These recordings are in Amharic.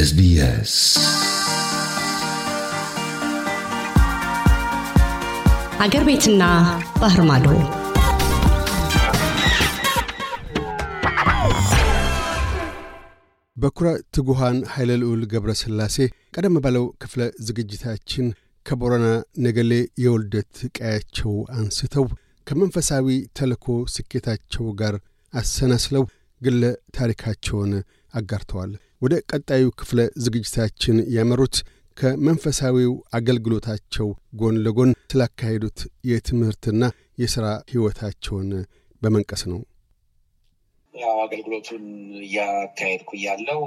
SBS. አገር ቤትና ባህር ማዶ በኩረ ትጉሃን ኃይለ ልዑል ገብረ ስላሴ ቀደም ባለው ክፍለ ዝግጅታችን ከቦረና ነገሌ የውልደት ቀያቸው አንስተው ከመንፈሳዊ ተልእኮ ስኬታቸው ጋር አሰናስለው ግለ ታሪካቸውን አጋርተዋል። ወደ ቀጣዩ ክፍለ ዝግጅታችን ያመሩት ከመንፈሳዊው አገልግሎታቸው ጎን ለጎን ስላካሄዱት የትምህርትና የሥራ ሕይወታቸውን በመንቀስ ነው። ያው አገልግሎቱን እያካሄድኩ እያለሁ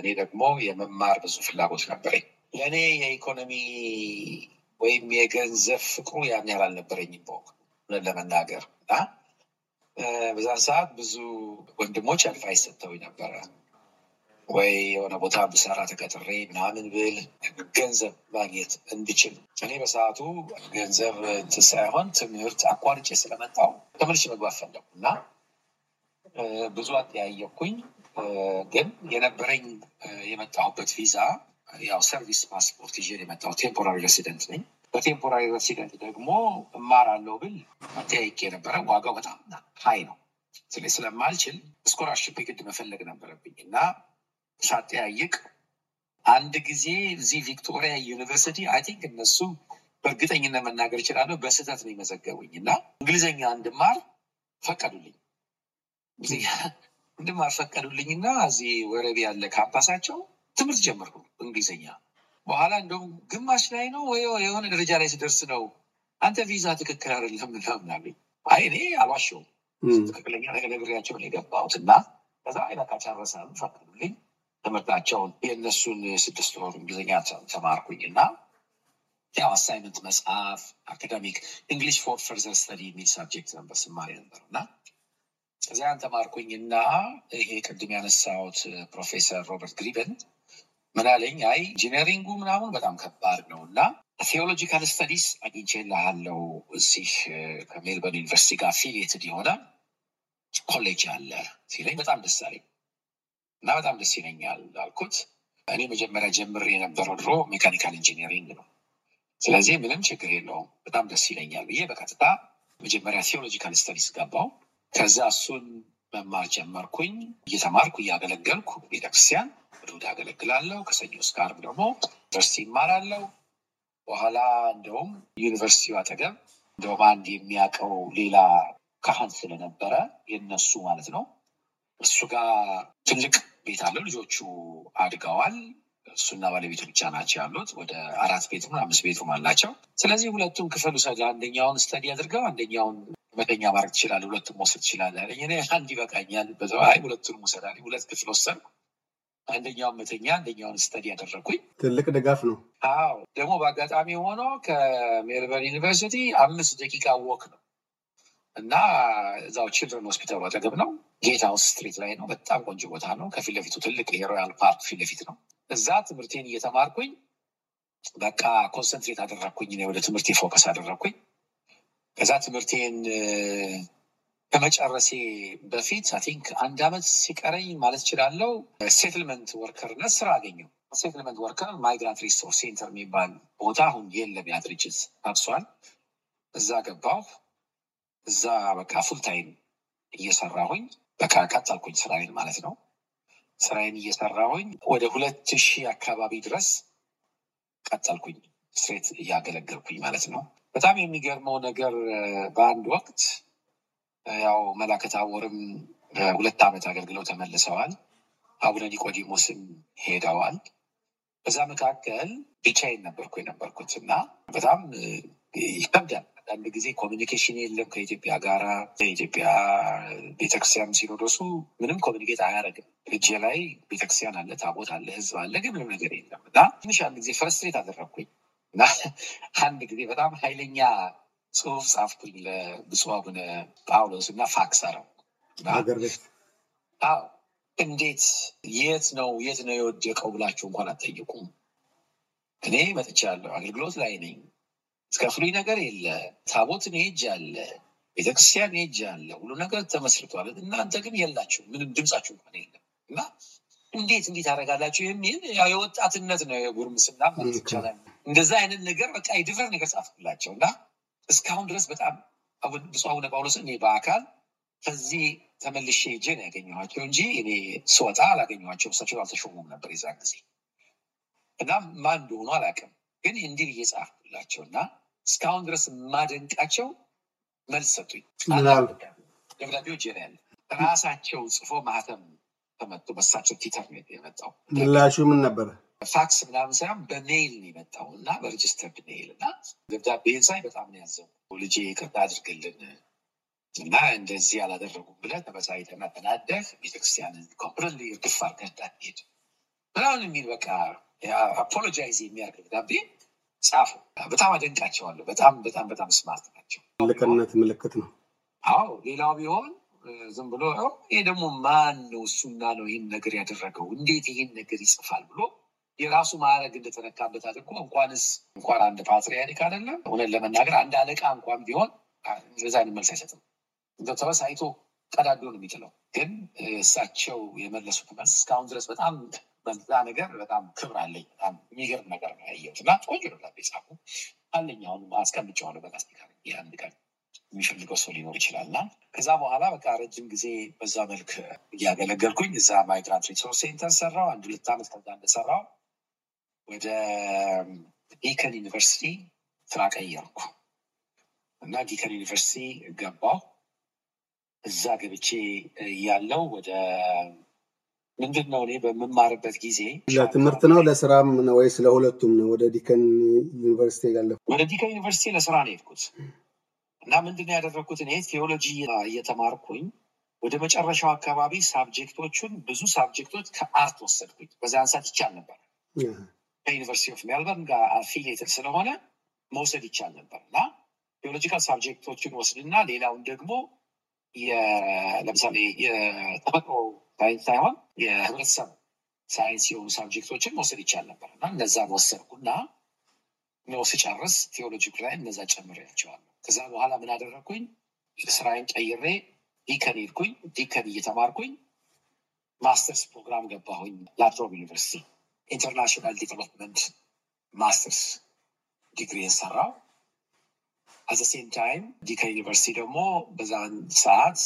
እኔ ደግሞ የመማር ብዙ ፍላጎት ነበረኝ። ለእኔ የኢኮኖሚ ወይም የገንዘብ ፍቅሩ ያን ያህል አልነበረኝም በወቅቱ ለመናገር እና በዛን ሰዓት ብዙ ወንድሞች አድቫይስ ሰጥተው ነበረ ወይ የሆነ ቦታ ብሰራ ተቀጥሬ ምናምን ብል ገንዘብ ማግኘት እንድችል እኔ በሰዓቱ ገንዘብ እንትን ሳይሆን ትምህርት አቋርጬ ስለመጣው ተመልሼ መግባት ፈለጉ እና ብዙ አጠያየኩኝ። ግን የነበረኝ የመጣሁበት ቪዛ ያው ሰርቪስ ፓስፖርት ይዤ የመጣው ቴምፖራሪ ሬሲደንት ነኝ። በቴምፖራሪ ሬሲደንት ደግሞ እማራለሁ ብል አጠያይቄ የነበረ ዋጋው በጣም ሀይ ነው። ስለዚህ ስለማልችል ስኮላርሽፕ ግድ መፈለግ ነበረብኝ እና ሳጠያይቅ አንድ ጊዜ እዚህ ቪክቶሪያ ዩኒቨርሲቲ አይ ቲንክ እነሱ በእርግጠኝነት መናገር እችላለሁ በስህተት ነው የመዘገቡኝ እና እንግሊዝኛ እንድማር ፈቀዱልኝ እንድማር ፈቀዱልኝ እና እዚህ ወረቢ ያለ ካምፓሳቸው ትምህርት ጀመርኩ እንግሊዝኛ በኋላ እንደውም ግማሽ ላይ ነው ወይ የሆነ ደረጃ ላይ ስደርስ ነው አንተ ቪዛ ትክክል አይደለም ምናምን አሉኝ አይ እኔ አልዋሸሁም ትክክለኛ ነገር ነግሬያቸው ነው የገባሁት እና ከዛ አይነት ጨረሰ ፈቀዱልኝ ትምህርታቸውን የእነሱን ስድስት ወር እንግሊዝኛ ተማርኩኝ እና ያው አሳይመንት መጽሐፍ አካዳሚክ እንግሊሽ ፎር ፈርዘር ስተዲ የሚል ሳብጀክት ነበር ስማሪ ነበር እና እዚያን ተማርኩኝ እና ይሄ ቅድም ያነሳሁት ፕሮፌሰር ሮበርት ግሪበን ምናለኝ አይ ኢንጂነሪንጉ ምናምን በጣም ከባድ ነው እና ቴዎሎጂካል ስተዲስ አግኝቼ ላሃለው እዚህ ከሜልበርን ዩኒቨርሲቲ ጋር አፊሊየትድ የሆነ ኮሌጅ አለ ሲለኝ በጣም ደስ አለኝ። እና በጣም ደስ ይለኛል አልኩት። እኔ መጀመሪያ ጀምር የነበረው ድሮ ሜካኒካል ኢንጂነሪንግ ነው። ስለዚህ ምንም ችግር የለውም በጣም ደስ ይለኛል ብዬ በቀጥታ መጀመሪያ ቴዎሎጂካል ስተዲስ ገባው። ከዛ እሱን መማር ጀመርኩኝ። እየተማርኩ እያገለገልኩ ቤተክርስቲያን እሑድ አገለግላለሁ። ከሰኞ እስከ ዓርብ ደግሞ ዩኒቨርሲቲ ይማራለሁ። በኋላ እንደውም ዩኒቨርሲቲው አጠገብ እንደውም አንድ የሚያውቀው ሌላ ካህን ስለነበረ የነሱ ማለት ነው እሱ ጋር ትልቅ ቤት አለው። ልጆቹ አድገዋል። እሱና ባለቤቱ ብቻ ናቸው ያሉት። ወደ አራት ቤትም አምስት ቤትም አላቸው። ስለዚህ ሁለቱም ክፍል ውሰድ፣ አንደኛውን ስተዲ አድርገው አንደኛውን መተኛ ማድረግ ትችላለህ፣ ሁለቱም ወስድ ትችላለህ እኔ አንድ ይበቃኛል በዛ ሁለቱንም ውሰድ አለኝ። ሁለት ክፍል ወሰድኩ። አንደኛውን መተኛ አንደኛውን ስተዲ አደረግኩኝ። ትልቅ ድጋፍ ነው። አዎ ደግሞ በአጋጣሚ ሆኖ ከሜልበርን ዩኒቨርሲቲ አምስት ደቂቃ ወክ ነው እና እዛው ችልድረን ሆስፒታሉ አጠገብ ነው። ጌት ሃውስ ስትሪት ላይ ነው። በጣም ቆንጆ ቦታ ነው። ከፊት ለፊቱ ትልቅ የሮያል ፓርክ ፊት ለፊት ነው። እዛ ትምህርቴን እየተማርኩኝ በቃ ኮንሰንትሬት አደረግኩኝ፣ ወደ ትምህርቴ ፎከስ አደረግኩኝ። ከዛ ትምህርቴን ከመጨረሴ በፊት አይ ቲንክ አንድ አመት ሲቀረኝ ማለት እችላለሁ ሴትልመንት ወርከርነት ስራ አገኘው። ሴትልመንት ወርከር ማይግራንት ሪሶርስ ሴንተር የሚባል ቦታ አሁን የለም፣ ያ ድርጅት ታብሷል። እዛ ገባሁ። እዛ በቃ ፉልታይም እየሰራሁኝ በቃ ቀጠልኩኝ ስራዬን ማለት ነው። ስራዬን እየሰራሁኝ ወደ ሁለት ሺህ አካባቢ ድረስ ቀጠልኩኝ ስትሬት እያገለገልኩኝ ማለት ነው። በጣም የሚገርመው ነገር በአንድ ወቅት ያው መላከት አወርም ሁለት ዓመት አገልግለው ተመልሰዋል። አቡነ ኒቆዲሞስም ሄደዋል። በዛ መካከል ብቻዬን ነበርኩ የነበርኩት እና በጣም ይከብዳል። አንዳንድ ጊዜ ኮሚኒኬሽን የለም ከኢትዮጵያ ጋራ። የኢትዮጵያ ቤተክርስቲያን ሲኖዶሱ ምንም ኮሚኒኬት አያደርግም። እጄ ላይ ቤተክርስቲያን አለ፣ ታቦት አለ፣ ህዝብ አለ፣ ግን ምንም ነገር የለም እና ትንሽ አንድ ጊዜ ፍረስትሬት አደረግኩኝ እና አንድ ጊዜ በጣም ኃይለኛ ጽሁፍ ጻፍኩኝ ለብፁዕ አቡነ ጳውሎስ እና ፋክስ አረው አዎ እንዴት የት ነው የት ነው የወደቀው ብላችሁ እንኳን አትጠይቁም። እኔ መጥቻለሁ፣ አገልግሎት ላይ ነኝ እስከ ፍሪ ነገር የለ ታቦት ሄጅ አለ ቤተክርስቲያን ሄጅ አለ ሁሉ ነገር ተመስርቷል። እናንተ ግን የላችሁ ምንም ድምጻችሁ ሆነ የለም እና እንዴት እንዴት አደረጋላችሁ የሚል የወጣትነት ነው የጉርምስና ማለት ይቻላል። እንደዛ አይነት ነገር በቃ የድፍር ነገር ጻፍላቸው እና እስካሁን ድረስ በጣም ብፁ አቡነ ጳውሎስ እኔ በአካል ከዚህ ተመልሼ ሄጄ ነው ያገኘኋቸው እንጂ እኔ ስወጣ አላገኘኋቸው። እሳቸው አልተሾሙም ነበር የዛ ጊዜ እና ማን እንደሆኑ አላቅም ግን እንዲህ እየጻፍላቸው እና እስካሁን ድረስ ማደንቃቸው መልስ ሰጡኝ። ደብዳቤዎች ነ ያለ ራሳቸው ጽፎ ማህተም ተመጡ በሳቸው ቲተር የመጣው ምላሹ ምን ነበረ? ፋክስ ምናምን ሳይሆን በሜይል ነው የመጣው እና በሬጅስተርድ ሜይል እና ደብዳቤን ሳይ በጣም ነው ያዘው። ልጄ ይቅርታ አድርግልን እና እንደዚህ አላደረጉም ብለህ ተበሳይተና ተናደህ ቤተክርስቲያንን ኮምፕረል እርግፍ አድርገህ እንዳትሄድ ምናምን የሚል በቃ አፖሎጃይዝ የሚያደርግ ደብዳቤ ጻፉ። በጣም አደንቃቸዋለሁ። በጣም በጣም በጣም ስማርት ናቸው። ትልቅነት ምልክት ነው። አዎ ሌላው ቢሆን ዝም ብሎ ይሄ ደግሞ ማን ነው እሱና ነው ይህን ነገር ያደረገው እንዴት ይህን ነገር ይጽፋል ብሎ የራሱ ማዕረግ እንደተነካበት አድርጎ እንኳንስ እንኳን አንድ ፓትሪያሪክ አይደለም እውነት ለመናገር አንድ አለቃ እንኳን ቢሆን ዛ መልስ አይሰጥም። እንደው ተበሳይቶ ቀዳዶ ነው የሚችለው። ግን እሳቸው የመለሱት መልስ እስካሁን ድረስ በጣም በዛ ነገር በጣም ክብር አለኝ። በጣም የሚገርም ነገር ነው ያየሁት እና ቆንጆ ደብዳቤ ጻፉ አለኝ። አሁን አስቀምጬዋለሁ በላስቲክ አድርጌ አንድ ቀን የሚፈልገው ሰው ሊኖር ይችላል እና ከዛ በኋላ በቃ ረጅም ጊዜ በዛ መልክ እያገለገልኩኝ እዛ ማይግራንት ሪሶርስ ሴንተር ሰራው አንድ ሁለት ዓመት ከዛ እንደሰራው ወደ ዲከን ዩኒቨርሲቲ ስራ ቀየርኩ እና ዲከን ዩኒቨርሲቲ ገባሁ። እዛ ገብቼ ያለው ወደ ምንድን ነው እኔ በምማርበት ጊዜ ለትምህርት ነው ለስራም ወይስ ለሁለቱም ነው? ወደ ዲከን ዩኒቨርሲቲ ያለፉ ወደ ዲከን ዩኒቨርሲቲ ለስራ ነው የሄድኩት እና ምንድን ነው ያደረግኩት እኔ ቴዎሎጂ እየተማርኩኝ ወደ መጨረሻው አካባቢ ሳብጀክቶቹን ብዙ ሳብጀክቶች ከአርት ወሰድኩኝ። በዚያን ሰዓት ይቻል ነበር ከዩኒቨርሲቲ ኦፍ ሜልበርን ጋር አፊሊየትድ ስለሆነ መውሰድ ይቻል ነበር እና ቴዎሎጂካል ሳብጀክቶችን ወስድና ሌላውን ደግሞ ለምሳሌ የተፈጥሮ ሳይሆን የህብረተሰብ ሳይንስ የሆኑ ሳብጀክቶችን መውሰድ ይቻል ነበር እና እነዛ መወሰድኩ እና ነው ስጨርስ ቴዎሎጂክ ላይ እነዛ ጨምሬያቸዋለሁ። ከዛ በኋላ ምን አደረግኩኝ? ስራዬን ቀይሬ ዲከን ሄድኩኝ። ዲከን እየተማርኩኝ ማስተርስ ፕሮግራም ገባሁኝ። ላትሮብ ዩኒቨርሲቲ ኢንተርናሽናል ዲቨሎፕመንት ማስተርስ ዲግሪ የሰራው አዘ ሴም ታይም ዲከን ዩኒቨርሲቲ ደግሞ በዛን ሰዓት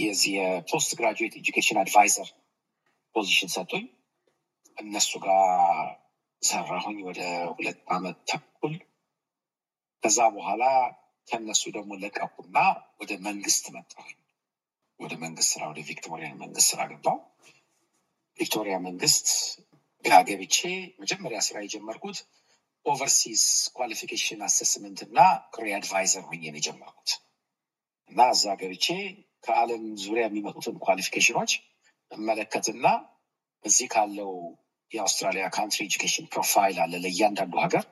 የዚህ የፖስት ግራጁዌት ኤጁኬሽን አድቫይዘር ፖዚሽን ሰጡኝ። እነሱ ጋር ሰራሁኝ ወደ ሁለት ዓመት ተኩል። ከዛ በኋላ ከነሱ ደግሞ ለቀቁና ወደ መንግስት መጣሁኝ። ወደ መንግስት ስራ ወደ ቪክቶሪያን መንግስት ስራ ገባው። ቪክቶሪያ መንግስት ጋር ገብቼ መጀመሪያ ስራ የጀመርኩት ኦቨርሲስ ኳሊፊኬሽን አሰስመንት እና ክሬ አድቫይዘር ሆኜ ነው የጀመርኩት እና እዛ ገብቼ ከዓለም ዙሪያ የሚመጡትን ኳሊፊኬሽኖች እመለከትና እዚህ ካለው የአውስትራሊያ ካንትሪ ኤጁኬሽን ፕሮፋይል አለ ለእያንዳንዱ ሀገር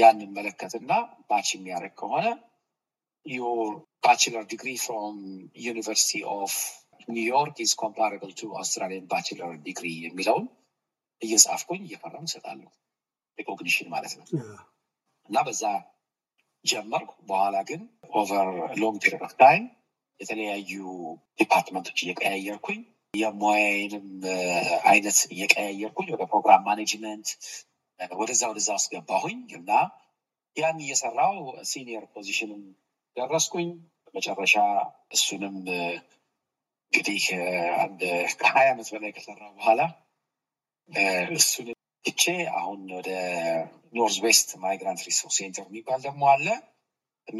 ያን እመለከትና ባች የሚያደርግ ከሆነ ዮር ባችለር ዲግሪ ፍሮም ዩኒቨርሲቲ ኦፍ ኒውዮርክ ኢዝ ኮምፓራብል ቱ አውስትራሊያን ባችለር ዲግሪ የሚለውን እየጻፍኩኝ እየፈረም ይሰጣሉ ሪኮግኒሽን ማለት ነው። እና በዛ ጀመርኩ። በኋላ ግን ኦቨር ሎንግ ፔሪድ ኦፍ ታይም የተለያዩ ዲፓርትመንቶች እየቀያየርኩኝ የሙያዬንም አይነት እየቀያየርኩኝ ወደ ፕሮግራም ማኔጅመንት ወደዛ ወደዛ ውስጥ ገባሁኝ እና ያን እየሰራው ሲኒየር ፖዚሽንም ደረስኩኝ። መጨረሻ እሱንም እንግዲህ አንድ ከሀያ ዓመት በላይ ከሰራ በኋላ እሱን ትቼ አሁን ወደ ኖርዝ ዌስት ማይግራንት ሪሶርስ ሴንተር የሚባል ደግሞ አለ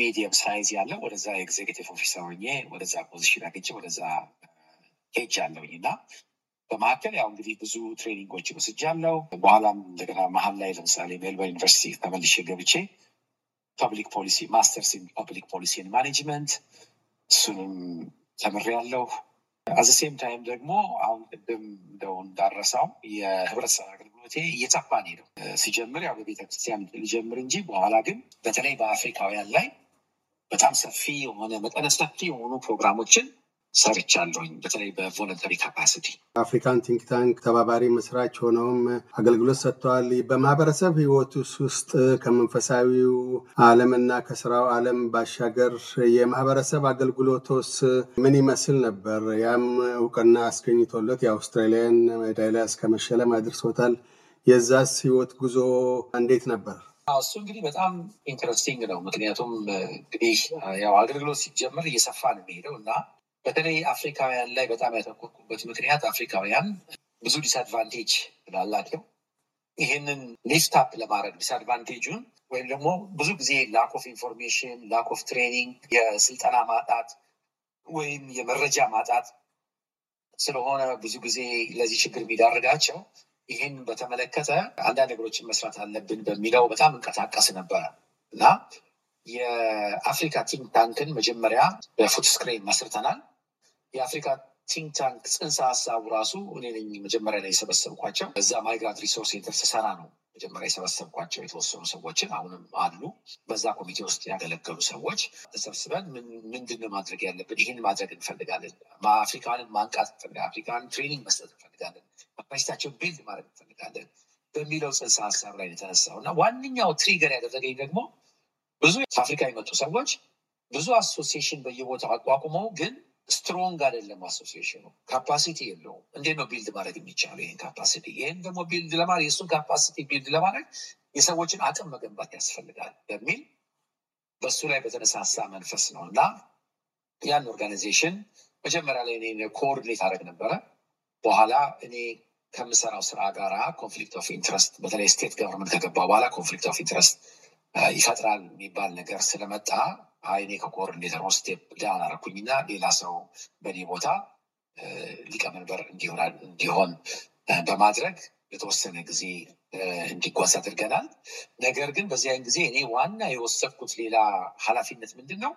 ሚዲየም ሳይዝ ያለው ወደዛ ኤግዜኪቲቭ ኦፊሰር ሆኜ ወደዛ ፖዚሽን አግኝቼ ወደዛ አለውኝ እና በመካከል ያው እንግዲህ ብዙ ትሬኒንጎች ትሬኒንጎችን አለው በኋላም እንደገና መሀል ላይ ለምሳሌ ሜልበር ዩኒቨርሲቲ ተመልሼ ገብቼ ፐብሊክ ፖሊሲ ማስተርስ ፐብሊክ ፖሊሲ ን ማኔጅመንት እሱንም ተምሬያለሁ። አዘ ሴም ታይም ደግሞ አሁን ቅድም እንደው እንዳረሳው የህብረተሰብ ህይወቴ እየጠባ ነው ሲጀምር ያው በቤተክርስቲያን ልጀምር እንጂ በኋላ ግን በተለይ በአፍሪካውያን ላይ በጣም ሰፊ የሆነ መጠነ ሰፊ የሆኑ ፕሮግራሞችን ሰርቻለሁኝ በተለይ በቮለንተሪ ካፓሲቲ። አፍሪካን ቲንክ ታንክ ተባባሪ መስራች ሆነውም አገልግሎት ሰጥተዋል። በማህበረሰብ ህይወት ውስጥ ከመንፈሳዊው ዓለም እና ከስራው ዓለም ባሻገር የማህበረሰብ አገልግሎቶስ ምን ይመስል ነበር? ያም እውቅና አስገኝቶለት የአውስትራሊያን ሜዳሊያ እስከ መሸለም አድርሶታል። የዛስ ህይወት ጉዞ እንዴት ነበር? እሱ እንግዲህ በጣም ኢንተረስቲንግ ነው። ምክንያቱም እንግዲህ ያው አገልግሎት ሲጀምር እየሰፋ ነው የሚሄደው እና በተለይ አፍሪካውያን ላይ በጣም ያተኮርኩበት ምክንያት አፍሪካውያን ብዙ ዲስአድቫንቴጅ ስላላቸው ይህንን ሊፍት አፕ ለማድረግ ዲስአድቫንቴጁን ወይም ደግሞ ብዙ ጊዜ ላክ ኦፍ ኢንፎርሜሽን፣ ላክ ኦፍ ትሬኒንግ፣ የስልጠና ማጣት ወይም የመረጃ ማጣት ስለሆነ ብዙ ጊዜ ለዚህ ችግር የሚዳርጋቸው ይህን በተመለከተ አንዳንድ ነገሮችን መስራት አለብን በሚለው በጣም እንቀሳቀስ ነበረ እና የአፍሪካ ቲንክ ታንክን መጀመሪያ በፉት ስክሬን መስርተናል። የአፍሪካ ቲንክ ታንክ ፅንሰ ሀሳቡ ራሱ እኔ ነኝ መጀመሪያ ላይ የሰበሰብኳቸው እዛ ማይግራንት ሪሶርስ ሴንተር ስሰራ ነው መጀመሪያ የሰበሰብኳቸው የተወሰኑ ሰዎችን አሁንም አሉ። በዛ ኮሚቴ ውስጥ ያገለገሉ ሰዎች ተሰብስበን ምንድን ማድረግ ያለብን፣ ይህን ማድረግ እንፈልጋለን፣ አፍሪካንን ማንቃት እንፈልጋለን፣ አፍሪካን ትሬኒንግ መስጠት እንፈልጋለን፣ ካፓሲታቸውን ቢልድ ማድረግ እንፈልጋለን በሚለው ጽንሰ ሀሳብ ላይ የተነሳው እና ዋነኛው ትሪገር ያደረገኝ ደግሞ ብዙ ከአፍሪካ የመጡ ሰዎች ብዙ አሶሲሽን በየቦታው አቋቁመው ግን ስትሮንግ አይደለም። አሶሲሽኑ ካፓሲቲ የለውም። እንዴት ነው ቢልድ ማድረግ የሚቻለው? ይህን ካፓሲቲ ይህን ደግሞ ቢልድ ለማድረግ የእሱን ካፓሲቲ ቢልድ ለማድረግ የሰዎችን አቅም መገንባት ያስፈልጋል በሚል በሱ ላይ በተነሳሳ መንፈስ ነው እና ያን ኦርጋናይዜሽን መጀመሪያ ላይ እኔ ኮኦርዲኔት አደረግ ነበረ። በኋላ እኔ ከምሰራው ስራ ጋር ኮንፍሊክት ኦፍ ኢንትረስት በተለይ ስቴት ገቨርንመንት ከገባ በኋላ ኮንፍሊክት ኦፍ ኢንትረስት ይፈጥራል የሚባል ነገር ስለመጣ እኔ ከኮኦርዲኔተር ውስጥ ዳን አደረኩኝና ሌላ ሰው በእኔ ቦታ ሊቀመንበር እንዲሆን በማድረግ የተወሰነ ጊዜ እንዲጓዝ አድርገናል። ነገር ግን በዚያን ጊዜ እኔ ዋና የወሰድኩት ሌላ ሀላፊነት ምንድን ነው?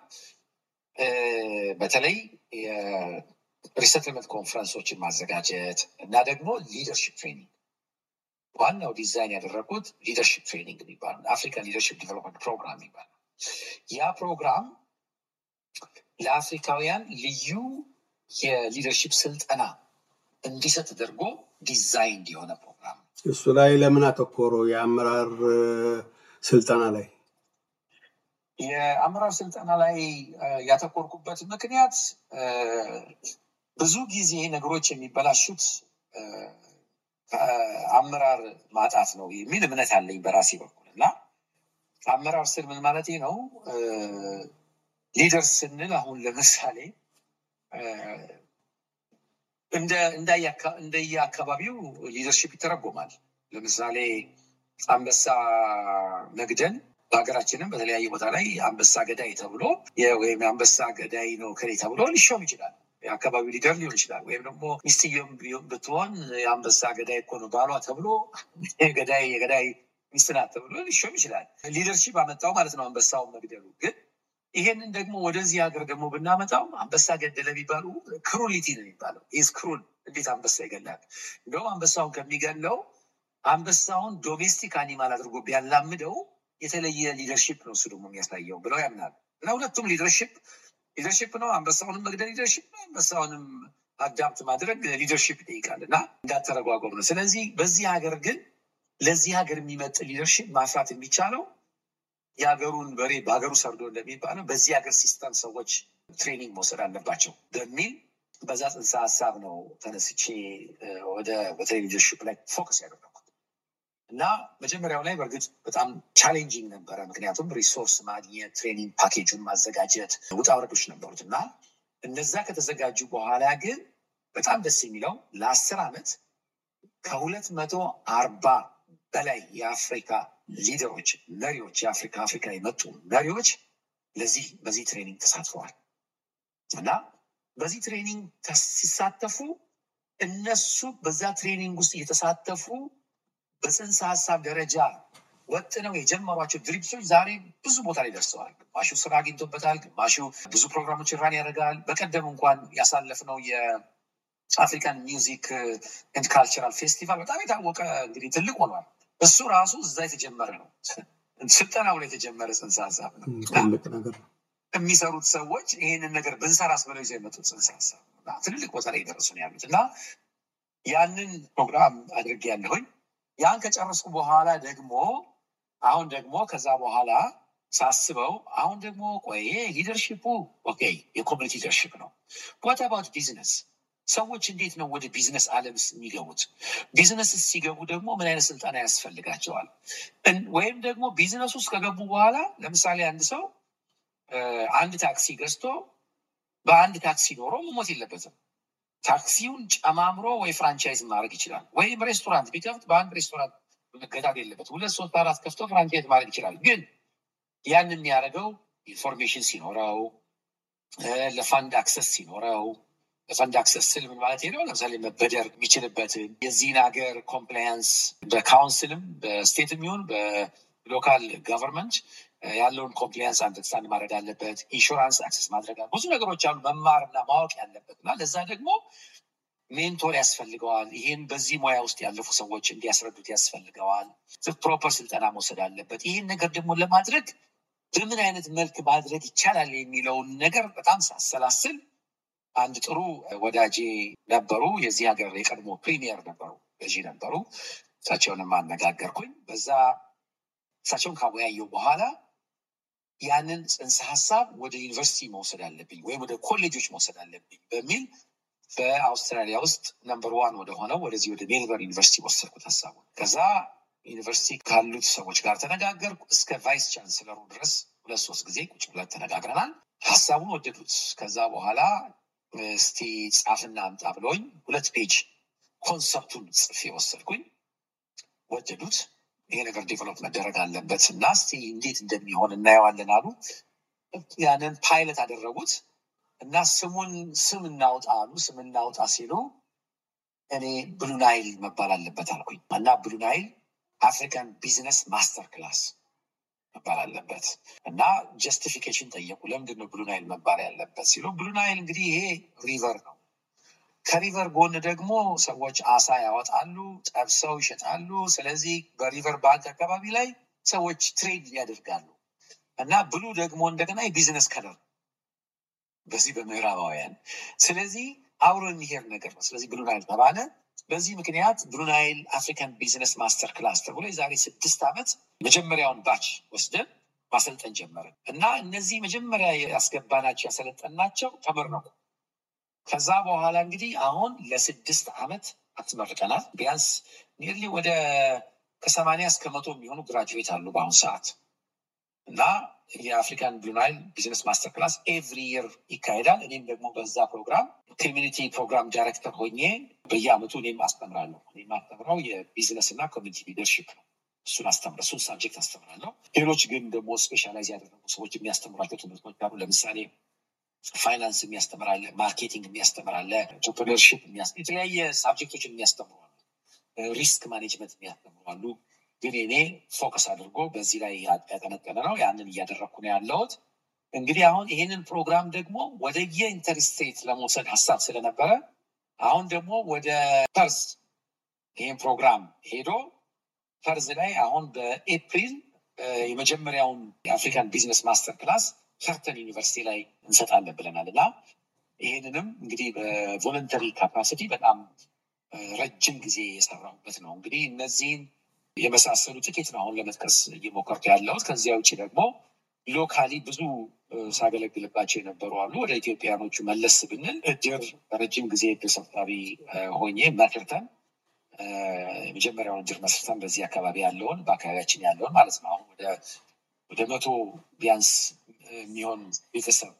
በተለይ የሪሰትልመንት ኮንፈረንሶችን ማዘጋጀት እና ደግሞ ሊደርሽፕ ትሬኒንግ ዋናው ዲዛይን ያደረጉት ሊደርሽፕ ትሬኒንግ የሚባል አፍሪካን ሊደርሽፕ ዲቨሎፕመንት ፕሮግራም ይባላል። ያ ፕሮግራም ለአፍሪካውያን ልዩ የሊደርሽፕ ስልጠና እንዲሰጥ ተደርጎ ዲዛይን የሆነ ፕሮግራም እሱ ላይ ለምን አተኮሮ የአመራር ስልጠና ላይ የአመራር ስልጠና ላይ ያተኮርኩበት ምክንያት ብዙ ጊዜ ነገሮች የሚበላሹት አመራር ማጣት ነው የሚል እምነት አለኝ በራሴ በኩል እና አመራር ስል ምን ማለት ነው? ሊደር ስንል አሁን ለምሳሌ እንደየአካባቢው ሊደርሽፕ ይተረጎማል። ለምሳሌ አንበሳ መግደል በሀገራችንም በተለያየ ቦታ ላይ አንበሳ ገዳይ ተብሎ ወይም አንበሳ ገዳይ ነው ከሌ ተብሎ ሊሾም ይችላል። የአካባቢው ሊደር ሊሆን ይችላል። ወይም ደግሞ ሚስትየም ብትሆን የአንበሳ ገዳይ እኮ ነው ባሏ ተብሎ የገዳይ ሚስት ተብሎ ሊሾም ይችላል። ሊደርሺፕ አመጣው ማለት ነው አንበሳውን መግደሉ። ግን ይሄንን ደግሞ ወደዚህ ሀገር ደግሞ ብናመጣው አንበሳ ገደለ የሚባሉ ክሩሊቲ ነው የሚባለው። ይህ ክሩል እንዴት አንበሳ ይገላል? እንደውም አንበሳውን ከሚገለው አንበሳውን ዶሜስቲክ አኒማል አድርጎ ቢያላምደው የተለየ ሊደርሺፕ ነው እሱ ደግሞ የሚያሳየው ብለው ያምናሉ። እና ሁለቱም ሊደርሺፕ ሊደርሺፕ ነው። አንበሳውንም መግደል ሊደርሺፕ ነው። አንበሳውንም አዳምት ማድረግ ሊደርሺፕ ይጠይቃል እና እንዳተረጓጎም ነው። ስለዚህ በዚህ ሀገር ግን ለዚህ ሀገር የሚመጥ ሊደርሽፕ ማፍራት የሚቻለው የሀገሩን በሬ በሀገሩ ሰርዶ እንደሚባለው በዚህ ሀገር ሲስተም ሰዎች ትሬኒንግ መውሰድ አለባቸው በሚል በዛ ጽንሰ ሀሳብ ነው ተነስቼ ወደ በተለይ ሊደርሽፕ ላይ ፎከስ ያደረኩት እና መጀመሪያው ላይ በእርግጥ በጣም ቻሌንጂንግ ነበረ። ምክንያቱም ሪሶርስ ማግኘት፣ ትሬኒንግ ፓኬጁን ማዘጋጀት ውጣ ውረዶች ነበሩት እና እነዛ ከተዘጋጁ በኋላ ግን በጣም ደስ የሚለው ለአስር ዓመት ከሁለት መቶ አርባ በተለይ የአፍሪካ ሊደሮች መሪዎች፣ የአፍሪካ አፍሪካ የመጡ መሪዎች ለዚህ በዚህ ትሬኒንግ ተሳትፈዋል እና በዚህ ትሬኒንግ ሲሳተፉ እነሱ በዛ ትሬኒንግ ውስጥ እየተሳተፉ በጽንሰ ሀሳብ ደረጃ ወጥነው የጀመሯቸው ድርጅቶች ዛሬ ብዙ ቦታ ላይ ደርሰዋል። ግማሹ ስራ አግኝቶበታል፣ ግማሹ ብዙ ፕሮግራሞች ራን ያደርጋል። በቀደም እንኳን ያሳለፍነው የአፍሪካን ሚውዚክ ኤንድ ካልቸራል ፌስቲቫል በጣም የታወቀ እንግዲህ ትልቅ ሆኗል። እሱ ራሱ እዛ የተጀመረ ነው። ስልጠናው ላይ የተጀመረ ጽንሰ ሀሳብ ነው። የሚሰሩት ሰዎች ይህንን ነገር ብንሰራስ ብለው ይዘው የመጡት ጽንሰ ሀሳብ ነው። ትልልቅ ቦታ ላይ የደረሱ ነው ያሉት እና ያንን ፕሮግራም አድርጌ ያለሁኝ ያን ከጨረስኩ በኋላ ደግሞ አሁን ደግሞ ከዛ በኋላ ሳስበው አሁን ደግሞ ቆይ ሊደርሽፑ ኦኬ የኮሚኒቲ ሊደርሽፕ ነው። ዋት አባውት ቢዝነስ ሰዎች እንዴት ነው ወደ ቢዝነስ ዓለም የሚገቡት? ቢዝነስ ሲገቡ ደግሞ ምን አይነት ስልጠና ያስፈልጋቸዋል? ወይም ደግሞ ቢዝነስ ውስጥ ከገቡ በኋላ ለምሳሌ አንድ ሰው አንድ ታክሲ ገዝቶ በአንድ ታክሲ ኖሮ መሞት የለበትም። ታክሲውን ጨማምሮ ወይ ፍራንቻይዝ ማድረግ ይችላል። ወይም ሬስቶራንት ቢከፍት በአንድ ሬስቶራንት መገታት የለበት ሁለት ሶስት አራት ከፍቶ ፍራንቻይዝ ማድረግ ይችላል። ግን ያንን የሚያደርገው ኢንፎርሜሽን ሲኖረው፣ ለፋንድ አክሰስ ሲኖረው ፈንድ አክሰስ ስል ምን ማለት ነው? ለምሳሌ መበደር የሚችልበትን የዚህን ሀገር ኮምፕላያንስ በካውንስልም በስቴትም ይሁን በሎካል ገቨርንመንት ያለውን ኮምፕላያንስ አንደርስታንድ ማድረግ አለበት። ኢንሹራንስ አክሰስ ማድረግ ብዙ ነገሮች አሉ መማርና ማወቅ ያለበት እና ለዛ ደግሞ ሜንቶር ያስፈልገዋል። ይህን በዚህ ሙያ ውስጥ ያለፉ ሰዎች እንዲያስረዱት ያስፈልገዋል። ፕሮፐር ስልጠና መውሰድ አለበት። ይህን ነገር ደግሞ ለማድረግ በምን አይነት መልክ ማድረግ ይቻላል የሚለውን ነገር በጣም ሳሰላስል አንድ ጥሩ ወዳጄ ነበሩ። የዚህ ሀገር የቀድሞ ፕሪሚየር ነበሩ፣ ገዢ ነበሩ። እሳቸውንም አነጋገርኩኝ። በዛ እሳቸውን ካወያየው በኋላ ያንን ጽንሰ ሀሳብ ወደ ዩኒቨርሲቲ መውሰድ አለብኝ ወይም ወደ ኮሌጆች መውሰድ አለብኝ በሚል በአውስትራሊያ ውስጥ ነምበር ዋን ወደሆነው ወደዚህ ወደ ሜልበር ዩኒቨርሲቲ ወሰድኩት ሀሳቡ። ከዛ ዩኒቨርሲቲ ካሉት ሰዎች ጋር ተነጋገርኩ። እስከ ቫይስ ቻንስለሩ ድረስ ሁለት ሶስት ጊዜ ቁጭ ብለን ተነጋግረናል። ሀሳቡን ወደዱት። ከዛ በኋላ እስቲ ጻፍና አምጣ ብሎኝ ሁለት ፔጅ ኮንሰፕቱን ጽፌ ወሰድኩኝ። ወደዱት። ይሄ ነገር ዴቨሎፕ መደረግ አለበት እና እስቲ እንዴት እንደሚሆን እናየዋለን አሉ። ያንን ፓይለት አደረጉት እና ስሙን ስም እናውጣ አሉ። ስም እናውጣ ሲሉ እኔ ብሉ ናይል መባል አለበት አልኩኝ እና ብሉናይል አፍሪካን ቢዝነስ ማስተር ክላስ መባል አለበት እና ጀስቲፊኬሽን ጠየቁ። ለምንድን ነው ብሉ ናይል መባል ያለበት ሲሉ፣ ብሉናይል ናይል እንግዲህ ይሄ ሪቨር ነው። ከሪቨር ጎን ደግሞ ሰዎች አሳ ያወጣሉ፣ ጠብሰው ይሸጣሉ። ስለዚህ በሪቨር ባንክ አካባቢ ላይ ሰዎች ትሬድ ያደርጋሉ እና ብሉ ደግሞ እንደገና የቢዝነስ ከለር በዚህ በምዕራባውያን ስለዚህ አብሮ የሚሄድ ነገር ነው። ስለዚህ ብሉ ተባለ። በዚህ ምክንያት ብሉናይል አፍሪካን ቢዝነስ ማስተር ክላስ ተብሎ የዛሬ ስድስት ዓመት መጀመሪያውን ባች ወስደን ማሰልጠን ጀመርን እና እነዚህ መጀመሪያ ያስገባናቸው ያሰለጠናቸው ተመርነቁ። ከዛ በኋላ እንግዲህ አሁን ለስድስት ዓመት አስመርቀናል። ቢያንስ ኒርሊ ወደ ከሰማንያ እስከ መቶ የሚሆኑ ግራጁዌት አሉ በአሁኑ ሰዓት እና የአፍሪካን ብሉናይል ቢዝነስ ማስተር ክላስ ኤቭሪ ይር ይካሄዳል። እኔም ደግሞ በዛ ፕሮግራም ኮሚኒቲ ፕሮግራም ዳይሬክተር ሆኜ በየአመቱ እኔም አስተምራለሁ። እኔም አስተምረው የቢዝነስ እና ኮሚኒቲ ሊደርሽፕ ነው። እሱን አስተምረ እሱን ሳብጀክት አስተምራለሁ። ሌሎች ግን ደግሞ ስፔሻላይዝ ያደረጉ ሰዎች የሚያስተምሯቸው ትምህርቶች አሉ። ለምሳሌ ፋይናንስ የሚያስተምራለ፣ ማርኬቲንግ የሚያስተምራለ፣ ኢንተርፕረነርሺፕ የተለያየ ሳብጀክቶችን የሚያስተምሩ አሉ። ሪስክ ማኔጅመንት የሚያስተምሩ አሉ። ግን እኔ ፎከስ አድርጎ በዚህ ላይ ያጠነጠነ ነው። ያንን እያደረግኩ ነው ያለሁት። እንግዲህ አሁን ይህንን ፕሮግራም ደግሞ ወደ የኢንተርስቴት ለመውሰድ ሀሳብ ስለነበረ አሁን ደግሞ ወደ ፐርዝ ይህን ፕሮግራም ሄዶ ፐርዝ ላይ አሁን በኤፕሪል የመጀመሪያውን የአፍሪካን ቢዝነስ ማስተር ክላስ ከርተን ዩኒቨርሲቲ ላይ እንሰጣለን ብለናል እና ይህንንም እንግዲህ በቮለንተሪ ካፓሲቲ በጣም ረጅም ጊዜ የሰራበት ነው። እንግዲህ እነዚህን የመሳሰሉ ጥቂት ነው አሁን ለመጥቀስ እየሞከርኩ ያለሁት። ከዚያ ውጭ ደግሞ ሎካሊ ብዙ ሳገለግልባቸው የነበሩ አሉ። ወደ ኢትዮጵያኖቹ መለስ ብንል እድር ረጅም ጊዜ እድር ሰብሳቢ ሆኜ መስርተን የመጀመሪያውን እድር መስርተን በዚህ አካባቢ ያለውን በአካባቢያችን ያለውን ማለት ነው አሁን ወደ መቶ ቢያንስ የሚሆን ቤተሰብ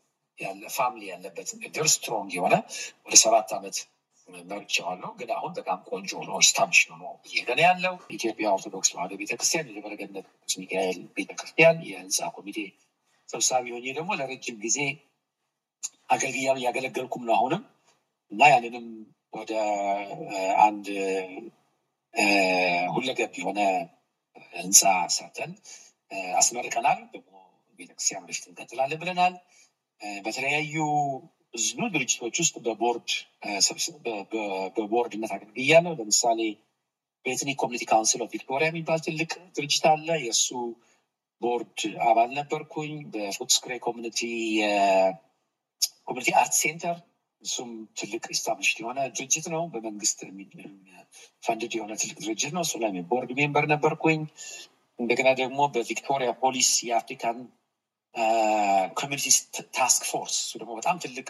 ያለ ፋሚሊ ያለበት እድር ስትሮንግ የሆነ ወደ ሰባት ዓመት መርጫዋለሁ። ግን አሁን በጣም ቆንጆ ሆኖ ስታንሽ ነው እየገነ ያለው ኢትዮጵያ ኦርቶዶክስ ተዋህዶ ቤተክርስቲያን የደብረ ገነት ቅዱስ ሚካኤል ቤተክርስቲያን የህንፃ ኮሚቴ ሰብሳቢ ሆኜ ደግሞ ለረጅም ጊዜ አገልግያ እያገለገልኩም ነው አሁንም እና ያንንም ወደ አንድ ሁለገብ የሆነ ህንፃ ሰርተን አስመርቀናል። ደግሞ ቤተክርስቲያን ወደፊት እንቀጥላለን ብለናል። በተለያዩ ብዙ ድርጅቶች ውስጥ በቦርድ በቦርድነት አገልግያለሁ። ለምሳሌ በኤትኒክ ኮሚኒቲ ካውንስል ኦፍ ቪክቶሪያ የሚባል ትልቅ ድርጅት አለ። የእሱ ቦርድ አባል ነበርኩኝ። በፉትስክሬ ኮሚኒቲ የኮሚኒቲ አርት ሴንተር እሱም ትልቅ ኢስታብሊሽድ የሆነ ድርጅት ነው። በመንግስት ፈንድድ የሆነ ትልቅ ድርጅት ነው። እሱ ላይ ቦርድ ሜምበር ነበርኩኝ። እንደገና ደግሞ በቪክቶሪያ ፖሊስ የአፍሪካን ኮሚኒቲ ታስክ ፎርስ እሱ ደግሞ በጣም ትልቅ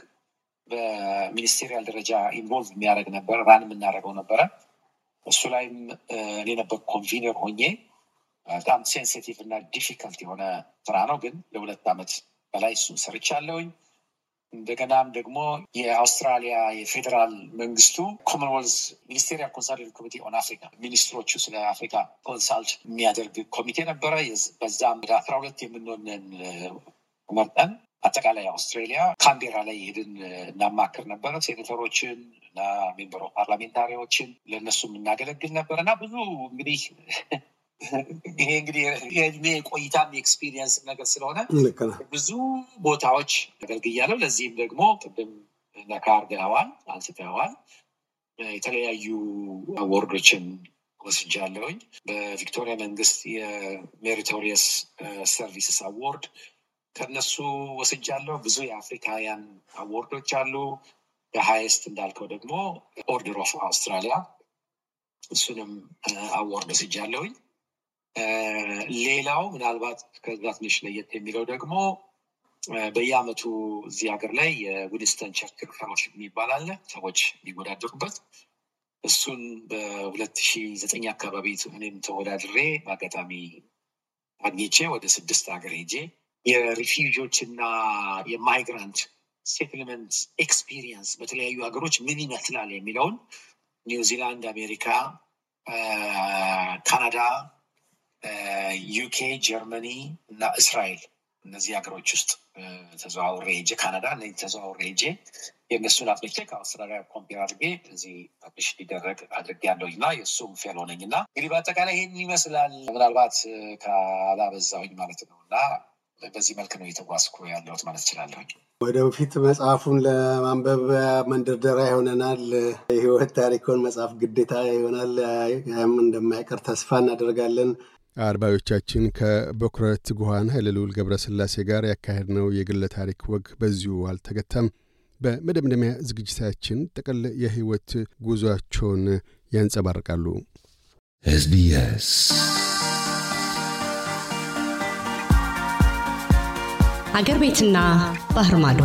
በሚኒስቴሪያል ደረጃ ኢንቮልቭ የሚያደርግ ነበር፣ ራን የምናደርገው ነበረ። እሱ ላይም እኔ ነበር ኮንቪነር ሆኜ። በጣም ሴንሲቲቭ እና ዲፊካልት የሆነ ስራ ነው፣ ግን ለሁለት ዓመት በላይ እሱን አለውኝ እንደገናም ደግሞ የአውስትራሊያ የፌዴራል መንግስቱ ኮመንዌልዝ ሚኒስቴሪያል ኮንሳልቲቭ ኮሚቴ ኦን አፍሪካ ሚኒስትሮቹ ስለ አፍሪካ ኮንሳልት የሚያደርግ ኮሚቴ ነበረ። በዛም ወደ አስራ ሁለት የምንሆንን መርጠን አጠቃላይ አውስትሬሊያ ካምቤራ ላይ ይሄድን እናማክር ነበረ ሴኔተሮችን እና ሜምበሮ ፓርላሜንታሪዎችን ለእነሱ የምናገለግል ነበር እና ብዙ እንግዲህ ይሄ እንግዲህ የእድሜ ቆይታም የኤክስፒሪየንስ ነገር ስለሆነ ብዙ ቦታዎች አገልግያለሁ። ለዚህም ደግሞ ቅድም ነካር አርገዋል አንስተዋል። የተለያዩ አዋርዶችን ወስጃለሁኝ። በቪክቶሪያ መንግስት የሜሪቶሪየስ ሰርቪስስ አዎርድ ከነሱ ወስጃለሁ። ብዙ የአፍሪካውያን አዎርዶች አሉ። በሀይስት እንዳልከው ደግሞ ኦርደር ኦፍ አውስትራሊያ እሱንም አዎርድ uh, ወስጃለሁኝ። uh, ሌላው ምናልባት ከዛ ትንሽ ለየት የሚለው ደግሞ uh, በየአመቱ እዚህ ሀገር ላይ የዊንስተን ቸርችል ፌሎሺፕ የሚባል አለ፣ ሰዎች የሚወዳደሩበት እሱን በሁለት ሺ ዘጠኝ አካባቢ እኔም ተወዳድሬ በአጋጣሚ አግኝቼ ወደ ስድስት ሀገር ሄጄ የሪፊውጂዎች እና የማይግራንት ሴትልመንት ኤክስፒሪየንስ በተለያዩ ሀገሮች ምን ይመስላል የሚለውን ኒውዚላንድ፣ አሜሪካ፣ ካናዳ፣ ዩኬ፣ ጀርመኒ እና እስራኤል እነዚህ ሀገሮች ውስጥ ተዘዋውሬ ሄጄ ካናዳ እ ተዘዋውሬ ሄጄ የእነሱን አፍልቼ ከአውስትራሊያ ኮምፔር አድርጌ እዚህ ፐብሊሽ ሊደረግ አድርጌ ያለሁኝ እና የእሱም ፌሎ ነኝ እና እንግዲህ በአጠቃላይ ይህን ይመስላል ምናልባት ካላበዛሁኝ ማለት ነው እና በዚህ መልክ ነው እየተጓዝኩ ያለሁት ማለት እችላለሁኝ። ወደፊት መጽሐፉን ለማንበብ መንደርደሪያ ይሆነናል። የህይወት ታሪኮን መጽሐፍ ግዴታ ይሆናል። ያም እንደማይቀር ተስፋ እናደርጋለን። አድማጮቻችን ከበኩረት ጉሃን ኃይለልዑል ገብረስላሴ ጋር ያካሄድነው የግለ ታሪክ ወግ በዚሁ አልተገታም። በመደምደሚያ ዝግጅታችን ጥቅል የህይወት ጉዟቸውን ያንጸባርቃሉ። ኤስቢኤስ አገር ቤትና ባህር ማዶ